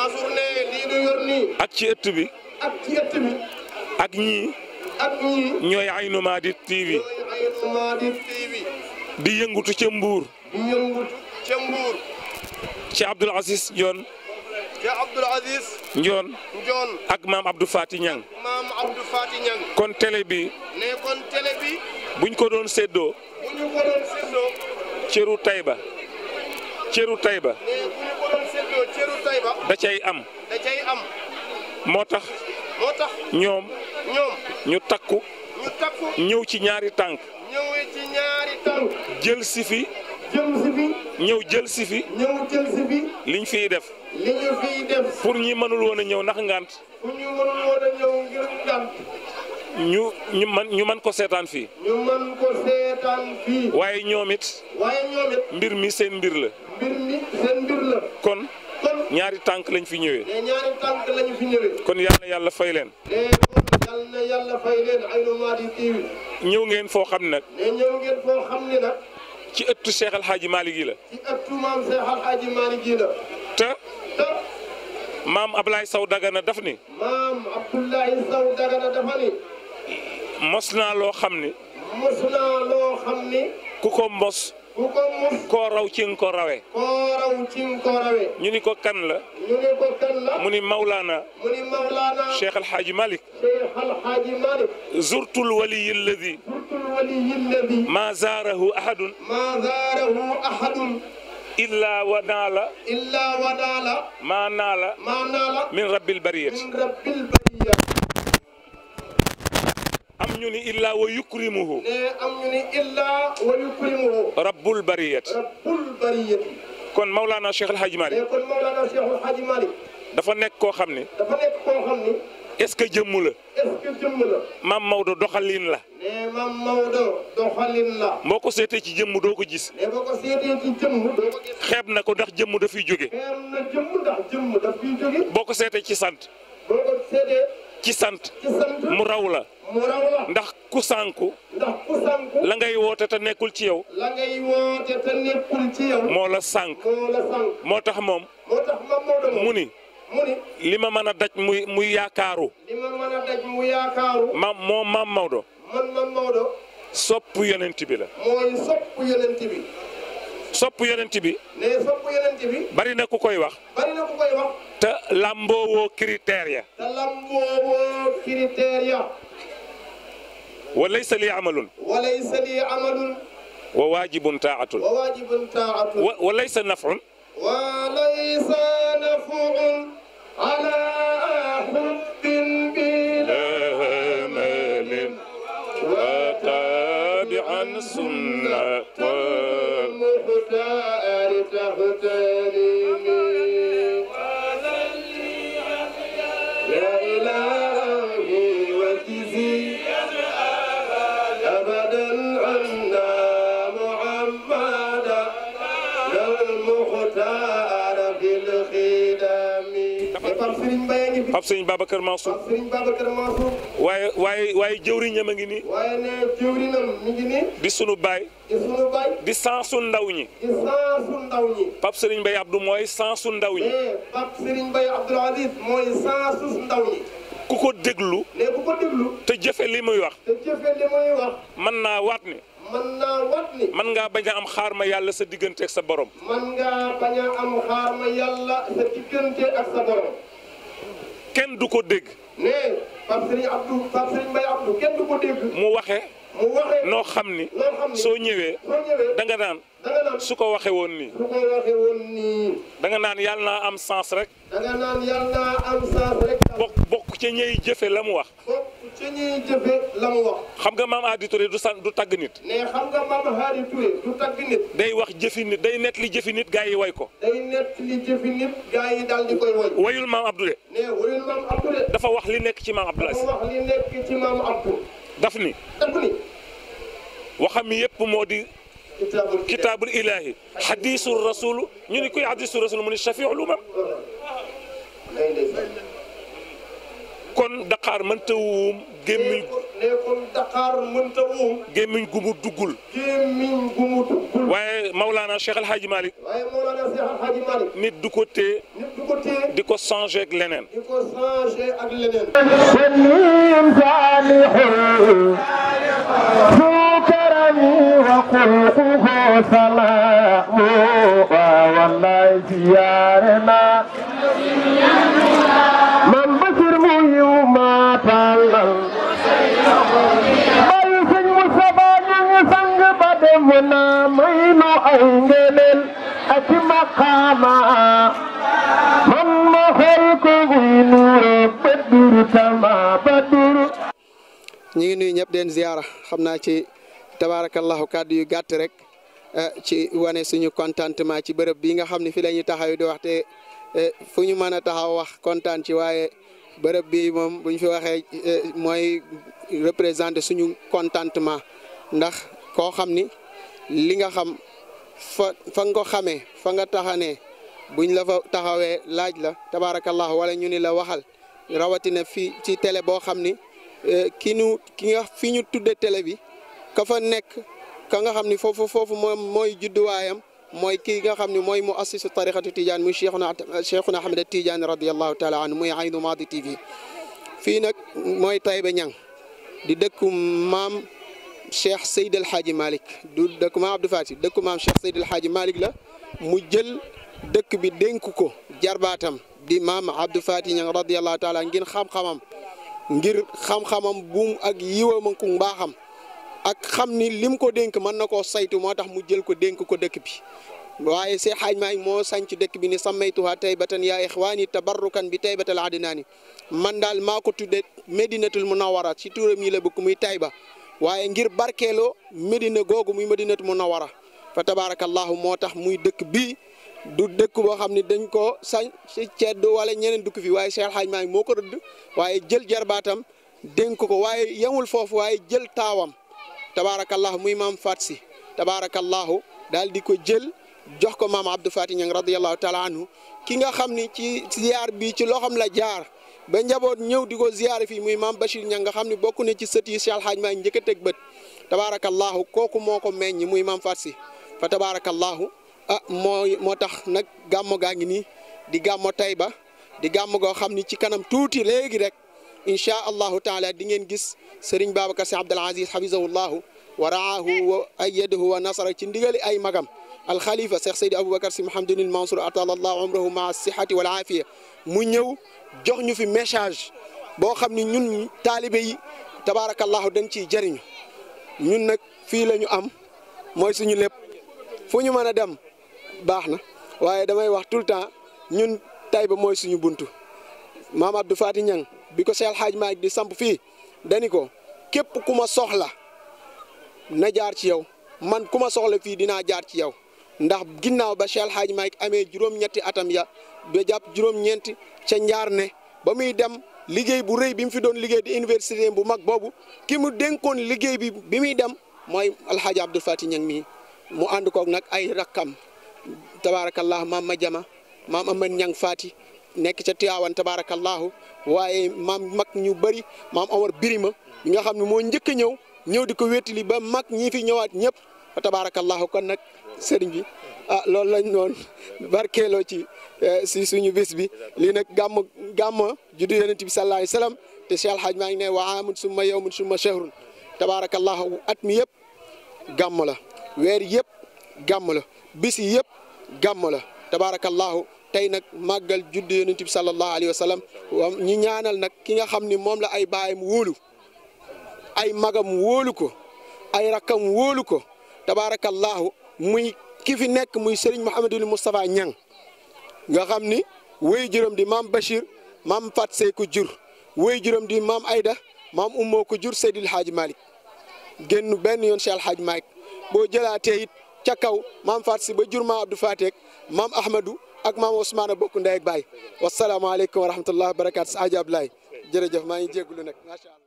Mansour ne lii ak ci ëtt bi. ak ci ëtt bi. ak ñii. ñooy Aynou Mady TV. di yëngutu ca Mbour. di yëngutu ca ci Abdoul Aziz ci Abdoul Aziz. ak maam Abdou Fati Niang. kon télé bi. buñ ko doon séddoo. buñ ko doon ceru Taïba. nee da cay am. moo tax. ñoom. ñu takku. ñu takku ñëw ci ñaari tànk. jël si fi. jël si fi. ñëw jël si fi. liñ fiy def. li ñu fiy pour ñi mënul woon a ñëw nax ngant. pour ñi mënul woon ñëw ngir ngant. ñu ñu man ñu mën ko seetaan fii. waaye ñoom mbir mi seen mbir la. mbir seen mbir la. kon ñaari tànk lañ fi ñëwee. mais kon yal yàlla fay leen. yal yàlla fay leen Aïnou Mady TV. ñëw ngeen foo xam ne nag. mais ñëw ngeen foo xam ne nag. ci ëttu Cheikh El Hadj la. ci ëttu maam Cheikh El Hadj la. te. te. maam Ablaye Sow Dagana daf ni. maam Abdoulaye Sow Dagana dafa ni. mos naa loo xam ni. mos naa loo xam ni. ku ko mos. koo raw ci nga ko rawee. koo raw ci nga ko rawee. ñu ni ko kan la. ñu ni ko kan la. mu ni Maulana. mu ni Maulana. Cheikh Al Hadj Malick. Cheikh Al Hadj Malick. zurtul waliyi alladi. zurtul waliyi alladi. ma zaarahu ahadun. ma zaarahu ahadun. إلا ونال إلا ونال ما نال ما نال من رب البرية من رب البرية ñu ni illaa wa yukrimuhu ne eh, am eh, dafa nekk koo xam ne dafa est-ce que jëmm la est maam Maodo doxalin la eh, doxalin la boo ko seetee ci jëmm doo ko gis xeeb na ko ndax jëmm dafiy jóge jóge boo ko seetee ci sant ci sant mu raw la ndax ku sànku ndax la ngay woote te nekkul ci yow la moo la sànk moo tax moom moo tax moom mu ni li ma mën a daj muy muy yaakaaru mu yaakaaru ma moom maam Maodo man sopp yonent bi la mooy sopp yonent bi sopp yonent bari na ku koy wax bari na ku ya وليس لي عمل وليس لي عمل وواجب طاعة وواجب طاعة وليس نفع وليس نفع على حب بلا مال وتابعا سنه Pape Serigne Babacar Mansour waaye waaye waaye jëwriñam a ngi nii di sunu baay di sansu ndaw ñi Pape Serigne Mbaye Abdou mooy sansu ndaw ñi eh, ku ko déglu te jëfe li muy wax man naa waat ne mën naa wat ni mën ngaa bañ am xaar ma yàlla sa diggante ak sa borom mën ngaa bañ am xaar ma yàlla sa diggante ak sa borom kenn du ko dégg. mu waxe noo xam ni. soo ñëwee. da nga naan. su ko waxee woon nii. su nga naan yàlla naa am sens rek. da bokk bokk ca ñey jëfe la mu wax. ci ñuy jëfe la mu wax. xam nga maam Hady Touré du san du tagg nit. mais xam nga maam Hady Touré du tagg nit. day wax jëfi nit day net li jëfi nit gaa yi way ko. day net li jëfi nit gaa yi daal di koy way. wayul maam Abdou de. mais wayul maam Abdou de. dafa wax li nekk ci maam Abdou dafa wax li nekk ci maam Abdou. daf ni. daf ni. waxam yëpp moo di. kitaabul ilaahi. xadiisul rasul ñu ni kuy xadiisul rasul mu ni shafiul umam kon Dakar mënta wuum gémmiñ ne kon Dakar mënta wuum gémmiñ gu mu duggul gémmiñ gu mu Maulana Cheikh El Hadj Malick waaye Maulana Cheikh El Hadj Malick nit du côté nit du côté diko changer ak lenen diko changer ak leneen di ko changé ak leneen وقلقه سلام والله زيارنا ñu may nu ay ngëneel ak maqaama man ma xool ko guy nuuroo baduru tama baduru ñi ngi nuyu ñëpp den ziyaara xam naa ci tabaarakallahu kàddu yu gàtt rek eh, ci wane suñu contentement ci bërëb bi nga xam ne fi la ñu taxaw di waxte eh, fu ñu mën a taxaw wax kontaan ci waaye bërëb bi moom bu fi waxee eh, mooy représenter suñu contentement ndax koo xam ni li nga xam fa fa nga ko xamee fa nga taxanee buñ la fa taxawee laaj la tabaarakallah wala ñu ni la waxal rawatina fii ci télé boo xam ni ki ñu ki nga fi ñu tudde télé bi ka fa nekk ka nga xam ni foofu foofu moom mooy judduwaayam mooy kii nga xam ne mooy mu assisu tariqatu Tidiane muy Cheikhuna Cheikhuna Ahmed Tidiane radiyallahu taala anhu muy Aynu Maadi TV fii nag mooy Taïba Niang di dëkku maam. cheikh Seydi El Hadji Malick du dëkk maam Abdou Fati dëkku maam cheikh Seydi El Hadji Malick la mu jël dëkk bi dénk ko jarbaatam di maam Abdou Fati ñang radiyallahu taala ngir xam-xamam ngir xam-xamam buum ak yiwam ku mbaaxam ak xam ni lim ko dénk mën na koo saytu moo tax mu jël ko dénk ko dëkk bi waaye see xaaj maay moo sanc dëkk bi ni sammaytuha taybatan yaa ixwaani tabarrukan bi taybatal adnaani man daal maa ko tudde medinatul munawwara ci turam yi la bëgg muy tayba waaye ngir barkeeloo Medina googu muy Medinatu Munawara fa tabaarakallaahu moo tax muy dëkk bii du dëkk boo xam ne dañ ko sañ si ceddu wala ñeneen dukk fi waaye Cheikh Xaaj maa ngi moo ko rëdd waaye jël jarbaatam dénk ko waaye yemul foofu waaye jël taawam tabaarakallaahu muy maam Faat si tabaarakallaahu daal di ko jël jox ko maam Abdou Faty Niang radiyallaahu taala anhu ki nga xam ni ci ziyaar bi ci loxoom la jaar ba njaboot ñëw di ko ziyaare fii muy maam Bachir Niang nga xam ne bokk na ci sët yi Cheikh Al Hadj Maay njëkk a teg bët tabaarakallaahu kooku moo ko meññi muy maam Faat si fa tabaarakallaahu ah moo moo tax nag gàmmo gaa ngi ni di gàmmo Tayba di gàmm goo xam ni ci kanam tuuti léegi rek incha allahu taala di ngeen gis Serigne Babacar Sy Abdoul Aziz hafizahullahu wa raahu wa ayyadahu wa nasara ci ndigali ay magam alxalifa Cheikh Seydi Aboubacar Sy Mouhamadunil Mansour atala allahu umrahu maa sihati wal aafiya mu ñëw jox ñu fi message boo xam ni ñun taalibe yi tabaarakallahu dañ ciy jëriñu ñun nag fii la ñu am mooy suñu lépp fu ñu mën a dem baax na waaye damay wax tout le temps ñun Taïba mooy suñu buntu maam Abdou Fati Ñang bi ko seel xaaj Hadji Malick di samp fii dani ko képp ku ma soxla na jaar ci yow man ku ma soxla fii dinaa jaar ci yow ndax ginnaaw ba Cheikh El Hadj amee juróom-ñetti atam ya ba jàpp juróom-ñeenti ca njaar ne ba muy dem liggéey bu rëy bi mu fi doon liggéey di université bu mag boobu ki mu dénkoon liggéey bi bi muy dem mooy Al Hadj Abdoul Fati mi mu ànd koog nag ay rakkam tabaarakallah maam ma jama maam Amady Niang Fati nekk ca Tiwaawan tabaarakallahu waaye maam mag ñu bëri maam Omar Birima nga xam ne moo njëkk a ñëw ñëw di ko wétali ba mag ñi fi ñëwaat ñëpp fa kon nag. sëriñ bi ah loolu lañ noon barkeeloo ci eh, si suñu bis bi lii nag gàmm gàmma juddu yonent bi sallallahu alayhi wasallam te Cheikh Alhaaj maa ngi ne wa amun summa yawmun summa shahrun tabaarakallahu at mi yëpp la weer yëpp gàmm la bis yi yëpp gàmm la tabaarakallahu tey nag màggal juddu yonent bi sallallahu alayhi wasallam ñu ñaanal nag ki nga xam ni moom la ay baayam wóolu ay magam wóolu ko ay rakkam wóolu ko tabaarakallahu muy ki fi nekk muy Serigne Mouhamadul Moustapha Niang nga xam ni wéy juróom di maam Bachir mam Fat Sey ko jur woy juróom di maam Ayda maam Ummoo ko jur Seydil Hadj Malick génn benn yoon si Alhadj Malick boo jëlaatee it ca kaw maam Fat si ba jur maam Abdou Fatek maam Ahmadou ak maam Ousmane bokk nday ak baay wasalaamaaleykum wa rahmatulah wa barakaatu si Adja Abdoulaye jërëjëf maa ngi jégalu nag macha